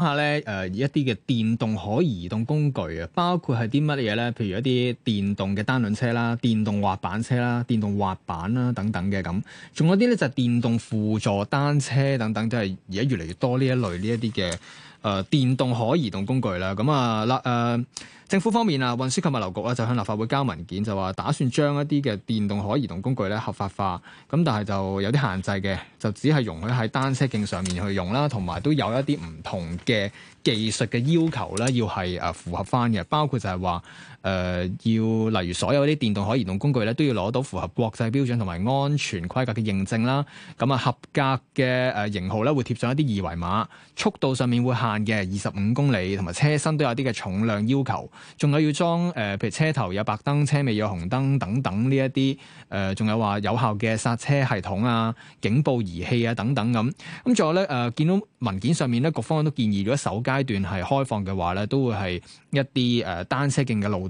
下咧，誒一啲嘅電動可移動工具啊，包括係啲乜嘢咧？譬如一啲電動嘅單輪車啦、電動滑板車啦、電動滑板啦等等嘅咁，仲有啲咧就係電動輔助單車等等，都係而家越嚟越多呢一類呢一啲嘅。誒、呃、電動可移動工具啦，咁啊啦政府方面啊，運輸及物流局咧就向立法會交文件，就話打算將一啲嘅電動可移動工具咧合法化，咁但係就有啲限制嘅，就只係容許喺單車徑上面去用啦，同埋都有一啲唔同嘅技術嘅要求咧，要係誒符合返嘅，包括就係話。呃、要例如所有啲電動可移動工具咧，都要攞到符合國際標準同埋安全規格嘅認證啦。咁、嗯、啊，合格嘅、呃、型號咧會貼上一啲二維碼，速度上面會限嘅二十五公里，同埋車身都有啲嘅重量要求。仲有要裝誒，譬、呃、如車頭有白燈，車尾有紅燈等等呢一啲誒，仲、呃、有話有效嘅剎車系統啊、警報儀器啊等等咁。咁、嗯、仲有咧誒、呃、見到文件上面咧，局方都建議，如果首階段係開放嘅話咧，都會係一啲誒、呃、單車徑嘅路。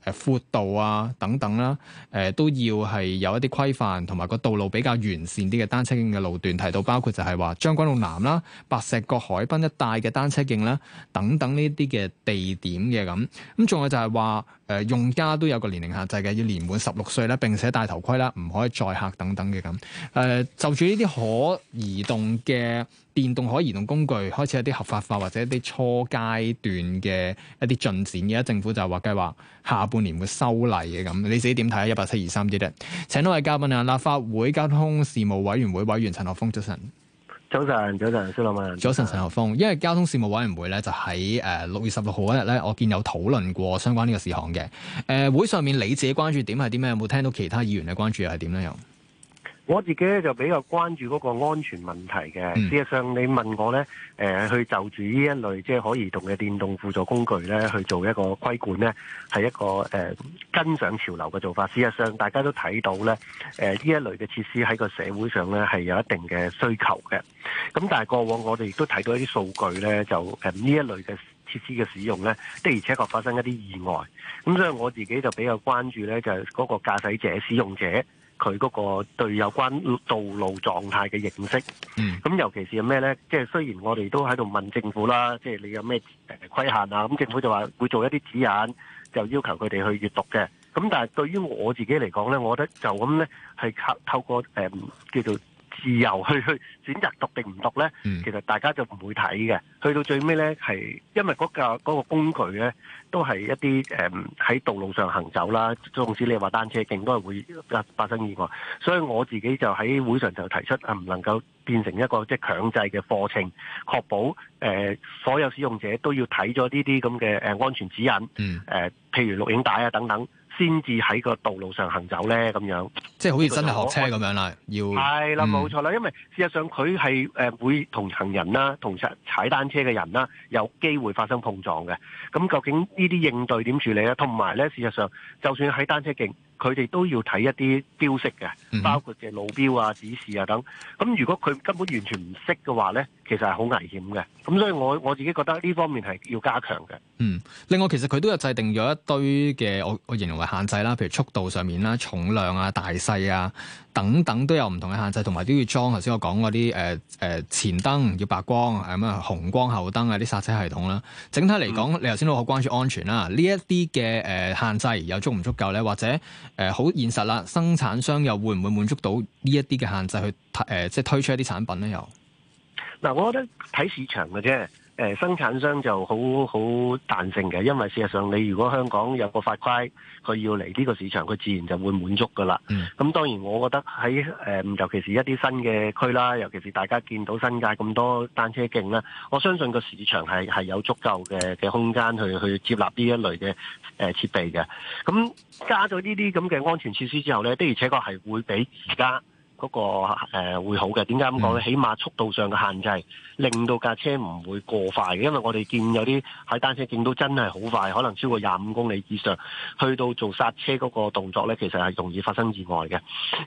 誒、呃、闊度啊等等啦、啊，誒、呃、都要係有一啲規範，同埋個道路比較完善啲嘅單車徑嘅路段，提到包括就係話將軍澳南啦、啊、白石角海濱一帶嘅單車徑啦、啊、等等呢啲嘅地點嘅咁，咁仲有就係話誒用家都有個年齡限制嘅，要年滿十六歲啦，並且戴頭盔啦，唔可以載客等等嘅咁。誒、呃、就住呢啲可移動嘅電動可移動工具，開始一啲合法化或者一啲初階段嘅一啲進展嘅，政府就話計劃下。半年會修例嘅咁，你自己點睇啊？一百七二三啲咧，請多位嘉賓，立法會交通事務委員會委員陳學鋒早晨。早晨，早晨，肖立文。早晨，陳學鋒。因為交通事務委員會咧，就喺誒六月十六號嗰日咧，我見有討論過相關呢個事項嘅。誒、呃、會上面你自己關注點係啲咩？有冇聽到其他議員嘅關注又係點咧？又？我自己咧就比較關注嗰個安全問題嘅。事實上，你問我呢誒、呃、去就住呢一類即係可移動嘅電動輔助工具呢去做一個規管呢，係一個誒、呃、跟上潮流嘅做法。事實上，大家都睇到呢誒呢、呃、一類嘅設施喺個社會上呢係有一定嘅需求嘅。咁但係過往我哋亦都睇到一啲數據呢，就誒呢、呃、一類嘅設施嘅使用呢，的而且確發生一啲意外。咁所以我自己就比較關注呢就係、是、嗰個駕駛者使用者。佢嗰個對有關道路狀態嘅認識，咁尤其是咩呢？即係雖然我哋都喺度問政府啦，即係你有咩規限啊？咁政府就話會做一啲指引，就要求佢哋去閱讀嘅。咁但係對於我自己嚟講呢，我覺得就咁呢，係靠透過誒、呃、叫做。自由去去選擇讀定唔讀呢，其實大家就唔會睇嘅。去到最尾呢，係因為嗰架嗰個工具呢，都係一啲喺、嗯、道路上行走啦，縱使你話單車勁都係會發生意外。所以我自己就喺會上就提出啊，唔能夠變成一個即係、就是、強制嘅課程，確保、呃、所有使用者都要睇咗呢啲咁嘅安全指引、呃，譬如錄影帶啊等等。先至喺個道路上行走咧，咁樣即係好似真係學車咁樣啦，要係啦，冇錯啦，嗯，因為事實上佢係誒會同行人啦，同踩踩單車嘅人啦，有機會發生碰撞嘅。咁究竟呢啲應對點處理咧？同埋咧，事實上就算喺單車徑，佢哋都要睇一啲標識嘅，包括嘅路標啊、指示啊等等。咁如果佢根本完全唔識嘅話咧？其實係好危險嘅，咁所以我我自己覺得呢方面係要加強嘅。嗯，另外其實佢都有制定咗一堆嘅，我我形容為限制啦，譬如速度上面啦、重量啊、大細啊等等都有唔同嘅限制，同埋都要裝頭先我講嗰啲誒誒前燈要白光，係、呃、咩紅光後燈啊、啲煞車系統啦。整體嚟講，嗯，你頭先都好關注安全啦，呢一啲嘅誒限制又足唔足夠咧？或者誒好、呃、現實啦，生產商又會唔會滿足到呢一啲嘅限制去誒、呃、即係推出一啲產品咧？又？嗱，我覺得睇市場嘅啫。誒，生產商就好好彈性嘅，因為事實上你如果香港有個法規，佢要嚟呢個市場，佢自然就會滿足噶啦。咁、mm. 嗯、當然，我覺得喺誒，尤其是一啲新嘅區啦，尤其是大家見到新界咁多單車徑啦，我相信個市場係係有足夠嘅嘅空間去去接納呢一類嘅誒、呃、設備嘅。咁、嗯、加咗呢啲咁嘅安全設施之後咧，的而且確係會比而家。嗰、那個誒、呃、會好嘅，點解咁講呢？起碼速度上嘅限制，令到架車唔會過快嘅，因為我哋見有啲喺單車見到真係好快，可能超過廿五公里以上，去到做剎車嗰個動作呢，其實係容易發生意外嘅。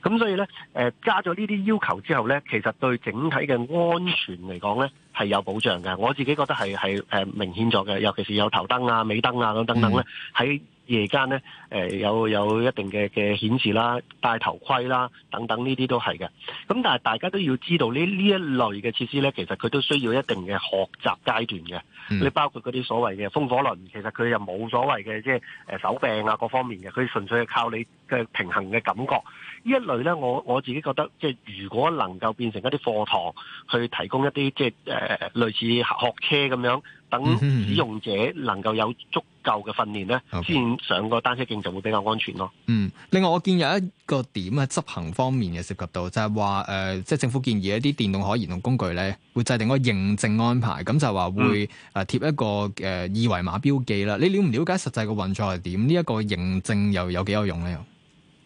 咁所以呢，誒、呃、加咗呢啲要求之後呢，其實對整體嘅安全嚟講呢，係有保障嘅，我自己覺得係係誒明顯咗嘅，尤其是有頭燈啊、尾燈啊等等等咧，喺、mm. 夜間咧誒有有一定嘅嘅顯示啦、戴頭盔啦等等呢啲都係嘅。咁但係大家都要知道呢呢一類嘅設施咧，其實佢都需要一定嘅學習階段嘅。你、mm. 包括嗰啲所謂嘅風火輪，其實佢又冇所謂嘅即係誒手柄啊各方面嘅，佢純粹係靠你嘅平衡嘅感覺。呢一類咧，我我自己覺得即係如果能夠變成一啲課堂去提供一啲即係誒。呃誒，類似學，學車咁樣，等使用者能夠有足夠嘅訓練呢先上個單車徑就會比較安全咯。嗯，另外我見有一個點喺，執行方面嘅涉及到就係話誒，即、呃、係、就是、政府建議一啲電動可移動工具呢會制定個認證安排，咁就話、是、會誒貼一個誒、嗯呃、二維碼標記啦。你了唔了解實際嘅運作係點？呢、這、一個認證又有幾有用呢？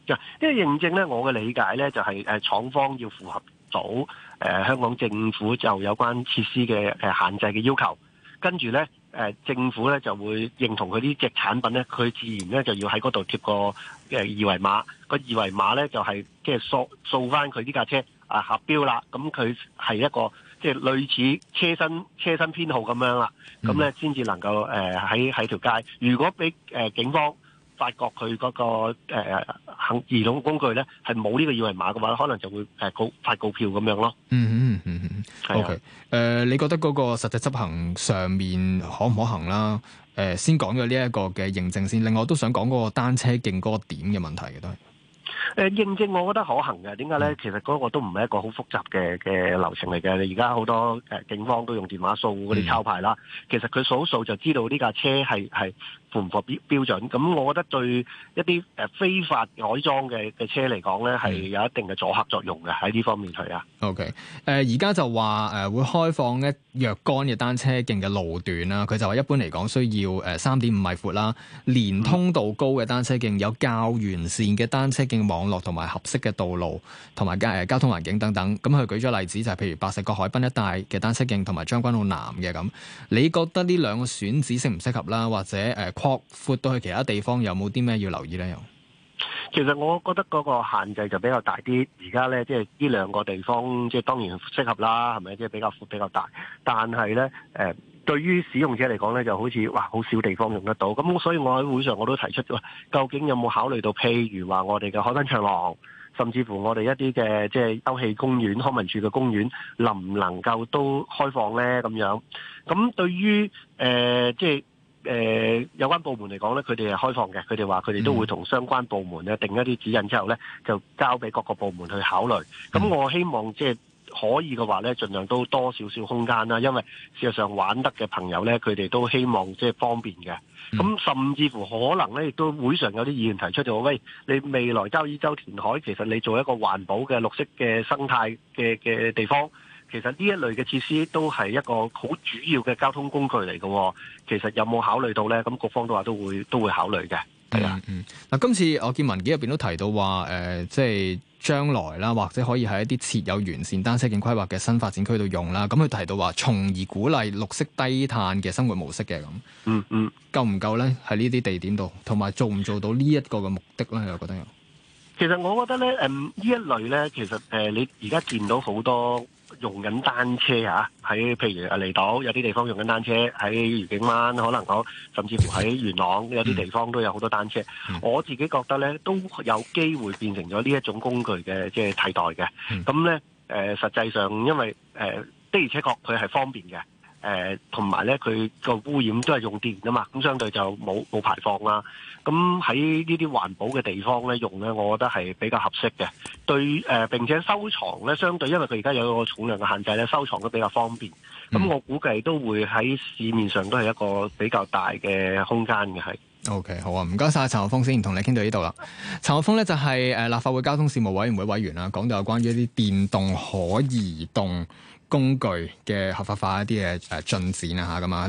就、這、呢、個、認證呢，我嘅理解呢，就係、是、誒、廠、呃、方要符合。早、嗯，香港政府就有關設施嘅限制嘅要求，跟住咧誒政府咧就會認同佢啲隻產品，咧，佢自然咧就要喺嗰度貼個誒二維碼。個二維碼咧就係即係掃掃翻佢呢架車啊合標啦，咁佢係一個即係類似車身車身編號咁樣啦，咁咧先至能夠誒喺喺條街，如果俾誒警方。發覺佢嗰、那個誒、呃，行移動工具咧係冇呢個二維碼嘅話，可能就會誒、呃、告發告票咁樣咯。嗯嗯嗯嗯，係啊。誒、okay. 呃，你覺得嗰個實際執行上面可唔可行啦？誒、呃，先講咗呢一個嘅認證先。另外，我都想講嗰個單車徑嗰個點嘅問題嘅都係。誒、呃，認證我覺得可行嘅，點解咧？其實嗰個都唔係一個好複雜嘅嘅流程嚟嘅。而家好多誒警方都用電話掃嗰啲抄牌啦、嗯，其實佢掃掃就知道呢架車係係符唔符合標標準。咁我覺得對一啲誒非法改裝嘅嘅車嚟講咧，係、嗯、有一定嘅阻嚇作用嘅喺呢方面去啊。OK，誒而家就話誒、呃、會開放咧。若干嘅單車徑嘅路段啦，佢就話一般嚟講需要誒三點五米闊啦，連通度高嘅單車徑，有較完善嘅單車徑網絡同埋合適嘅道路同埋嘅誒交通環境等等。咁佢舉咗例子就係譬如白石角海濱一帶嘅單車徑同埋將軍澳南嘅咁，你覺得呢兩個選址適唔適合啦？或者誒擴闊到去其他地方有冇啲咩要留意咧？又？其實我覺得嗰個限制就比較大啲，而家呢，即係呢兩個地方即係、就是、當然適合啦，係咪即係比較闊比較大？但係呢，誒、呃，對於使用者嚟講呢，就好似哇好少地方用得到。咁所以我喺會上我都提出，究竟有冇考慮到譬如話我哋嘅海濱長廊，甚至乎我哋一啲嘅即係休憩公園、康文署嘅公園，能唔能夠都開放呢？咁樣咁對於誒即係，呃就是誒、呃、有關部門嚟講咧，佢哋係開放嘅，佢哋話佢哋都會同相關部門咧定一啲指引之後咧，就交俾各個部門去考慮。咁我希望即係可以嘅話咧，盡量都多少少空間啦，因為事實上玩得嘅朋友咧，佢哋都希望即係方便嘅。咁甚至乎可能咧，亦都會上有啲議員提出就話：「喂，你未來交椅洲填海，其實你做一個環保嘅綠色嘅生態嘅嘅地方。其實呢一類嘅設施都係一個好主要嘅交通工具嚟嘅，哦，其實有冇考慮到呢？咁各方都話都會都會考慮嘅，係啊。嗱、嗯嗯，今次我見文件入邊都提到話，誒、呃，即係將來啦，或者可以喺一啲設有完善單車徑規劃嘅新發展區度用啦。咁佢提到話，從而鼓勵綠色低碳嘅生活模式嘅咁。嗯嗯，夠唔夠呢？喺呢啲地點度，同埋做唔做到呢一個嘅目的呢？我覺得，其實我覺得呢、嗯、呢一類呢，其實誒、呃，你而家見到好多。用緊單車啊，喺譬如啊離島有啲地方用緊單車，喺愉景灣可能講，甚至乎喺元朗有啲地方都有好多單車。我自己覺得咧，都有機會變成咗呢一種工具嘅即係替代嘅。咁咧，實際上因為誒的而且確佢係方便嘅。誒同埋咧，佢個污染都係用電啊嘛，咁相對就冇冇排放啦。咁喺呢啲環保嘅地方咧用咧，我覺得係比較合適嘅。對誒、呃，並且收藏咧，相對因為佢而家有個重量嘅限制咧，收藏都比較方便。咁我估計都會喺市面上都係一個比較大嘅空間嘅。係。OK，好啊，唔該晒。陳學鋒先，同你傾到呢度啦。陳學鋒咧就係誒立法會交通事務委員會委員啦，講到有關於一啲電動可移動工具嘅合法化一啲嘅誒進展啊嚇咁啊！